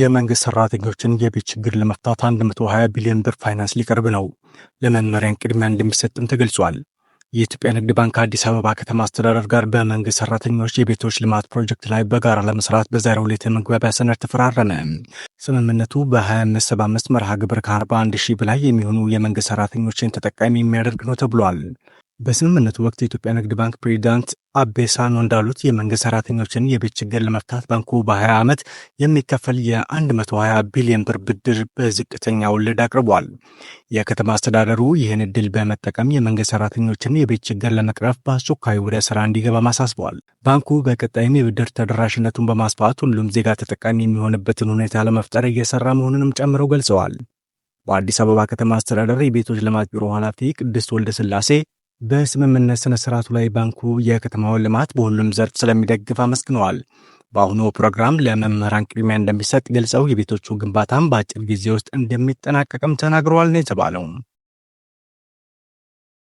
የመንግስት ሰራተኞችን የቤት ችግር ለመፍታት 120 ቢሊዮን ብር ፋይናንስ ሊቀርብ ነው። ለመመሪያን ቅድሚያ እንደሚሰጥም ተገልጿል። የኢትዮጵያ ንግድ ባንክ ከአዲስ አበባ ከተማ አስተዳደር ጋር በመንግስት ሰራተኞች የቤቶች ልማት ፕሮጀክት ላይ በጋራ ለመስራት በዛሬው ዕለት የመግባቢያ ሰነድ ተፈራረመ። ስምምነቱ በ2575 መርሃ ግብር ከ41 ሺህ በላይ የሚሆኑ የመንግስት ሰራተኞችን ተጠቃሚ የሚያደርግ ነው ተብሏል። በስምምነቱ ወቅት የኢትዮጵያ ንግድ ባንክ ፕሬዚዳንት አቤሳኖ እንዳሉት የመንግስት ሰራተኞችን የቤት ችግር ለመፍታት ባንኩ በ20 ዓመት የሚከፈል የ120 ቢሊዮን ብር ብድር በዝቅተኛ ወለድ አቅርቧል። የከተማ አስተዳደሩ ይህን እድል በመጠቀም የመንግስት ሰራተኞችን የቤት ችግር ለመቅረፍ በአስቸኳይ ወደ ስራ እንዲገባ ማሳስበዋል። ባንኩ በቀጣይም የብድር ተደራሽነቱን በማስፋት ሁሉም ዜጋ ተጠቃሚ የሚሆንበትን ሁኔታ ለመፍጠር እየሰራ መሆኑንም ጨምረው ገልጸዋል። በአዲስ አበባ ከተማ አስተዳደር የቤቶች ልማት ቢሮ ኃላፊ ቅድስት ወልደ ስላሴ በስምምነት ስነ ስርዓቱ ላይ ባንኩ የከተማውን ልማት በሁሉም ዘርፍ ስለሚደግፍ አመስግነዋል። በአሁኑ ፕሮግራም ለመምህራን ቅድሚያ እንደሚሰጥ ገልጸው የቤቶቹ ግንባታም በአጭር ጊዜ ውስጥ እንደሚጠናቀቅም ተናግረዋል ነው የተባለው።